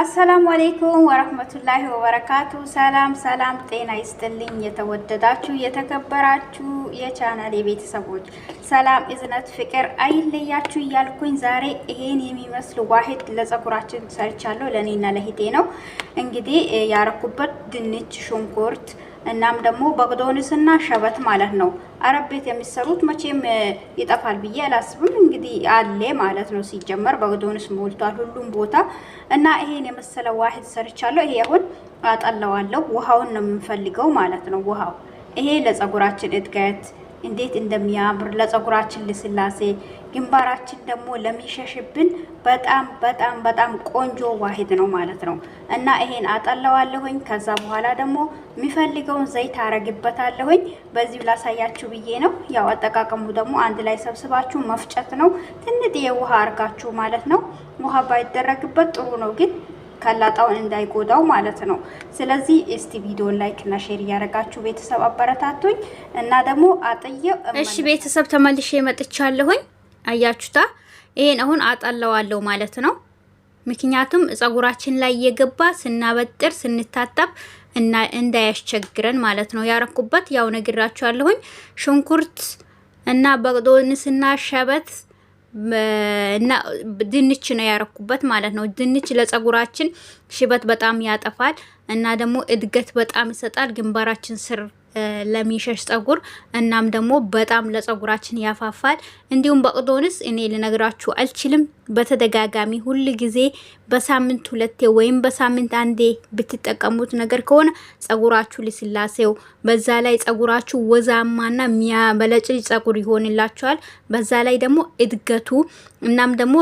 አሰላሙ አሌይኩም ወረህመቱላሂ ወበረካቱ። ሰላም ሰላም፣ ጤና ይስጥልኝ። የተወደዳችሁ የተከበራችሁ የቻናል የቤተሰቦች ሰላም፣ እዝነት፣ ፍቅር አይለያችሁ እያልኩኝ ዛሬ ይሄን የሚመስል ዋሂድ ለጸጉራችን ሰርቻለሁ። ለእኔና ለሂቴ ነው እንግዲህ ያረኩበት ድንች፣ ሽንኩርት እናም ደግሞ በግዶንስ እና ሸበት ማለት ነው። አረብ ቤት የሚሰሩት መቼም ይጠፋል ብዬ አላስብም። እንግዲህ አለ ማለት ነው። ሲጀመር በግዶንስ ሞልቷል ሁሉም ቦታ እና ይሄን የመሰለ ዋሂድ ሰርቻለሁ። ይሄ አሁን አጠለዋለሁ። ውሃውን ነው የምንፈልገው ማለት ነው። ውሃው ይሄ ለጸጉራችን እድገት እንዴት እንደሚያምር ለፀጉራችን ልስላሴ፣ ግንባራችን ደግሞ ለሚሸሽብን በጣም በጣም በጣም ቆንጆ ዋሂድ ነው ማለት ነው። እና ይሄን አጠለዋለሁኝ። ከዛ በኋላ ደግሞ የሚፈልገውን ዘይት አረግበታለሁኝ። በዚህ ላሳያችሁ ብዬ ነው። ያው አጠቃቀሙ ደግሞ አንድ ላይ ሰብስባችሁ መፍጨት ነው። ትንጥ የውሃ አርጋችሁ ማለት ነው። ውሃ ባይደረግበት ጥሩ ነው ግን ከላጣውን እንዳይጎዳው ማለት ነው። ስለዚህ እስቲ ቪዲዮን ላይክ እና ሼር እያደረጋችሁ ቤተሰብ አበረታቱኝ እና ደግሞ አጥየው። እሺ ቤተሰብ ተመልሼ መጥቻለሁኝ። አያችሁታ፣ ይሄን አሁን አጠለዋለሁ ማለት ነው። ምክንያቱም ጸጉራችን ላይ የገባ ስናበጥር ስንታጠብ እና እንዳያስቸግረን ማለት ነው። ያረኩበት ያው ነግራችኋለሁኝ ሽንኩርት እና በቅዶንስና ሸበት እና ድንች ነው ያረኩበት ማለት ነው። ድንች ለጸጉራችን ሽበት በጣም ያጠፋል እና ደግሞ እድገት በጣም ይሰጣል። ግንባራችን ስር ለሚሸሽ ጸጉር እናም ደግሞ በጣም ለጸጉራችን ያፋፋል። እንዲሁም በቅዶንስ እኔ ልነግራችሁ አልችልም። በተደጋጋሚ ሁል ጊዜ በሳምንት ሁለቴ ወይም በሳምንት አንዴ ብትጠቀሙት ነገር ከሆነ ጸጉራችሁ ልስላሴው፣ በዛ ላይ ጸጉራችሁ ወዛማና ሚያበለጭል ጸጉር ይሆንላችኋል። በዛ ላይ ደግሞ እድገቱ እናም ደግሞ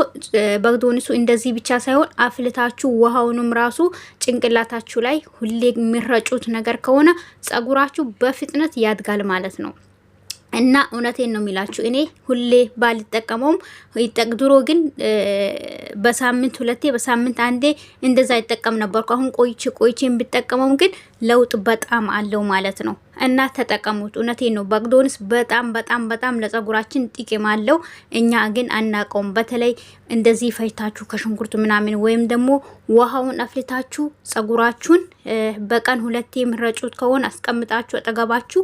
በቅዶንሱ እንደዚህ ብቻ ሳይሆን አፍልታችሁ ውሃውንም ራሱ ጭንቅላታችሁ ላይ ሁሌ የሚረጩት ነገር ከሆነ ጸጉራችሁ በፍጥነት ያድጋል ማለት ነው። እና እውነቴን ነው የሚላችሁ እኔ ሁሌ ባልጠቀመውም ድሮ ግን በሳምንት ሁለቴ በሳምንት አንዴ እንደዛ ይጠቀም ነበርኩ። አሁን ቆይቼ ቆይቼ የምጠቀመውም ግን ለውጥ በጣም አለው ማለት ነው እና ተጠቀሙት። እውነቴ ነው። በግዶንስ በጣም በጣም በጣም ለጸጉራችን ጥቅም አለው። እኛ ግን አናቀውም። በተለይ እንደዚህ ፈጅታችሁ ከሽንኩርት ምናምን ወይም ደግሞ ውሃውን አፍልታችሁ ጸጉራችሁን በቀን ሁለቴ የምረጩት ከሆነ አስቀምጣችሁ አጠገባችሁ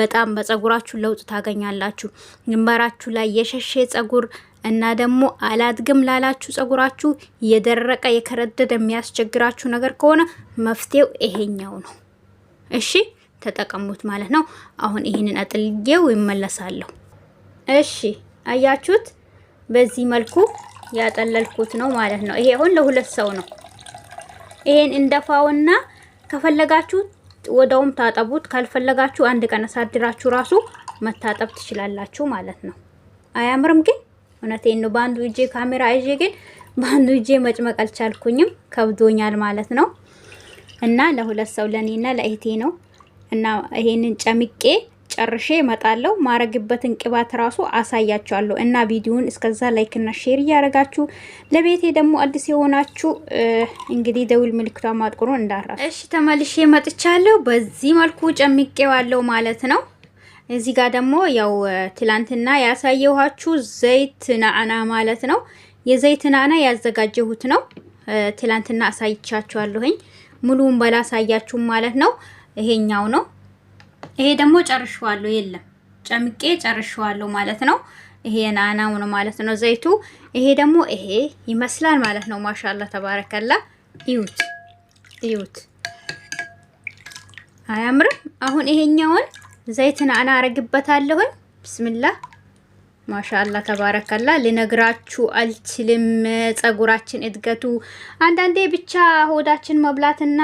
በጣም በጸጉራችሁ ለውጥ ታገኛላችሁ። ግንባራችሁ ላይ የሸሼ ጸጉር እና ደግሞ አላድግም ላላችሁ ጸጉራችሁ የደረቀ የከረደደ የሚያስቸግራችሁ ነገር ከሆነ መፍትሄው ይሄኛው ነው። እሺ ተጠቀሙት ማለት ነው። አሁን ይሄንን አጥልጌው ይመለሳለሁ። እሺ አያችሁት? በዚህ መልኩ ያጠለልኩት ነው ማለት ነው። ይሄ አሁን ለሁለት ሰው ነው። ይሄን እንደፋውና ከፈለጋችሁ ወደውም ታጠቡት፣ ካልፈለጋችሁ አንድ ቀን አሳድራችሁ ራሱ መታጠብ ትችላላችሁ ማለት ነው። አያምርም ግን እውነቴን ነው። በአንዱ እጄ ካሜራ ይዤ ግን በአንዱ እጄ መጭመቅ አልቻልኩኝም፣ ከብዶኛል ማለት ነው። እና ለሁለት ሰው ለእኔና ለእህቴ ነው። እና ይሄንን ጨምቄ ጨርሼ እመጣለሁ። ማረግበትን ቅባት ራሱ አሳያችኋለሁ። እና ቪዲዮውን እስከዛ ላይክና ሼር እያደረጋችሁ ለቤቴ ደግሞ አዲስ የሆናችሁ እንግዲህ ደውል ምልክቷ ማጥቆሩን እንዳራ። እሺ ተመልሼ መጥቻለሁ። በዚህ መልኩ ጨምቄዋለሁ ማለት ነው። እዚህ ጋር ደግሞ ያው ትላንትና ያሳየኋችሁ ዘይት ናዕና ማለት ነው። የዘይት ናዕና ያዘጋጀሁት ነው። ትላንትና አሳይቻችኋለሁኝ። ሙሉውን አሳያችሁ ማለት ነው። ይሄኛው ነው። ይሄ ደግሞ ጨርሸዋለሁ። የለም ጨምቄ ጨርሸዋለሁ ማለት ነው። ይሄ ናዕናው ነው ማለት ነው ዘይቱ። ይሄ ደግሞ ይሄ ይመስላል ማለት ነው። ማሻላ ተባረከላ። እዩት እዩት፣ አያምርም? አሁን ይሄኛውን ዘይትን አና አረግበታለሁኝ። ብስሚላ ማሻአላ ተባረከላ። ልነግራችሁ አልችልም። ጸጉራችን እድገቱ አንዳንዴ ብቻ ሆዳችን መብላትና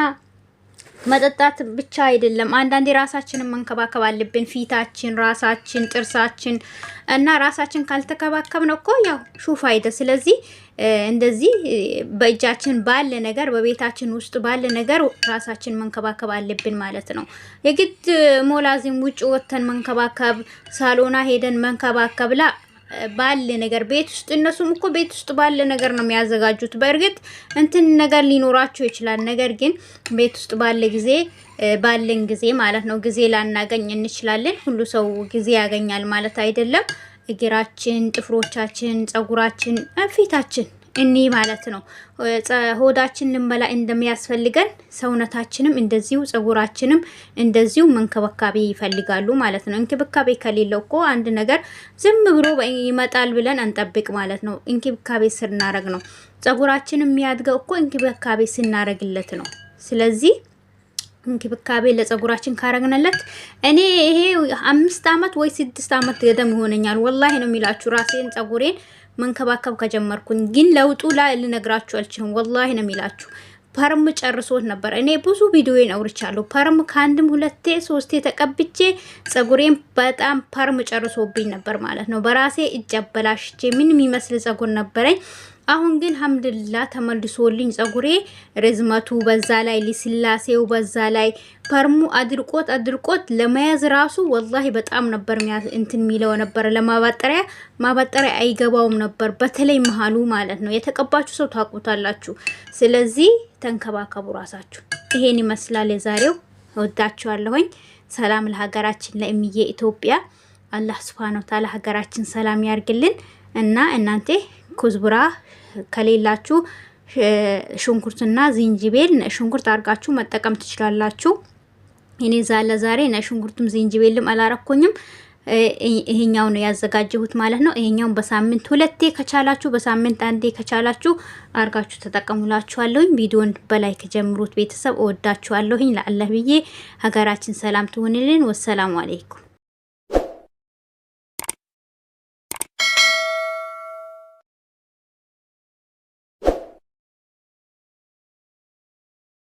መጠጣት ብቻ አይደለም። አንዳንዴ ራሳችንን መንከባከብ አለብን። ፊታችን፣ ራሳችን፣ ጥርሳችን እና ራሳችን ካልተከባከብን እኮ ያው ሹፍ አይደ ስለዚህ እንደዚህ በእጃችን ባለ ነገር በቤታችን ውስጥ ባለ ነገር ራሳችን መንከባከብ አለብን ማለት ነው። የግድ ሞላዚም ውጭ ወጥተን መንከባከብ፣ ሳሎና ሄደን መንከባከብ ላ ባለ ነገር ቤት ውስጥ እነሱም እኮ ቤት ውስጥ ባለ ነገር ነው የሚያዘጋጁት። በእርግጥ እንትን ነገር ሊኖራቸው ይችላል። ነገር ግን ቤት ውስጥ ባለ ጊዜ ባለን ጊዜ ማለት ነው ጊዜ ላናገኝ እንችላለን። ሁሉ ሰው ጊዜ ያገኛል ማለት አይደለም። እግራችን፣ ጥፍሮቻችን፣ ጸጉራችን፣ ፊታችን እኒህ ማለት ነው። ሆዳችን ልንበላ እንደሚያስፈልገን ሰውነታችንም እንደዚሁ ጸጉራችንም እንደዚሁ መንከባካቤ ይፈልጋሉ ማለት ነው። እንክብካቤ ከሌለው እኮ አንድ ነገር ዝም ብሎ ይመጣል ብለን አንጠብቅ ማለት ነው። እንክብካቤ ስናረግ ነው። ጸጉራችን የሚያድገው እኮ እንክብካቤ ስናረግለት ነው። ስለዚህ እንክብካቤ ለጸጉራችን ካረግንለት እኔ ይሄ አምስት አመት ወይ ስድስት አመት ገደም ይሆነኛል። ወላሂ ነው የሚላችሁ ራሴን ጸጉሬን መንከባከብ ከጀመርኩኝ ግን ለውጡ ላይ ልነግራችሁ አልችልም። ወላሂ ነው የሚላችሁ ፐርም ጨርሶት ነበር። እኔ ብዙ ቪዲዮን አውርቻለሁ። ፐርም ከአንድም ሁለቴ ሶስቴ ተቀብቼ ጸጉሬን በጣም ፐርም ጨርሶብኝ ነበር ማለት ነው። በራሴ እጅ አበላሽቼ ምን የሚመስል ጸጉር ነበረኝ። አሁን ግን ሀምድላ ተመልሶልኝ ጸጉሬ ርዝመቱ በዛ ላይ ልስላሴው በዛ ላይ ፐርሙ አድርቆት አድርቆት ለመያዝ ራሱ ወላሂ በጣም ነበር እንትን የሚለው ነበር። ለማባጠሪያ ማባጠሪያ አይገባውም ነበር፣ በተለይ መሀሉ ማለት ነው። የተቀባችሁ ሰው ታውቁታላችሁ። ስለዚህ ተንከባከቡ ራሳችሁ። ይሄን ይመስላል የዛሬው። ወዳችኋለሁኝ። ሰላም ለሀገራችን ለእምዬ ኢትዮጵያ። አላህ ሱብሃነሁ ወተዓላ ሀገራችን ሰላም ያርግልን እና እናንተ ኩዝቡራ ከሌላችሁ ሽንኩርትና ዝንጅቤል ሽንኩርት አድርጋችሁ መጠቀም ትችላላችሁ። እኔ ዛለ ዛሬ ነ ሽንኩርትም ዝንጅቤልም አላረኩኝም። ይሄኛው ነው ያዘጋጀሁት ማለት ነው። ይሄኛው በሳምንት ሁለቴ ከቻላችሁ በሳምንት አንዴ ከቻላችሁ አርጋችሁ ተጠቀሙላችኋለሁኝ። ቪዲዮን በላይክ ጀምሩት። ቤተሰብ እወዳችኋለሁኝ። ለአላህ ብዬ ሀገራችን ሰላም ትሆንልን። ወሰላሙ አለይኩም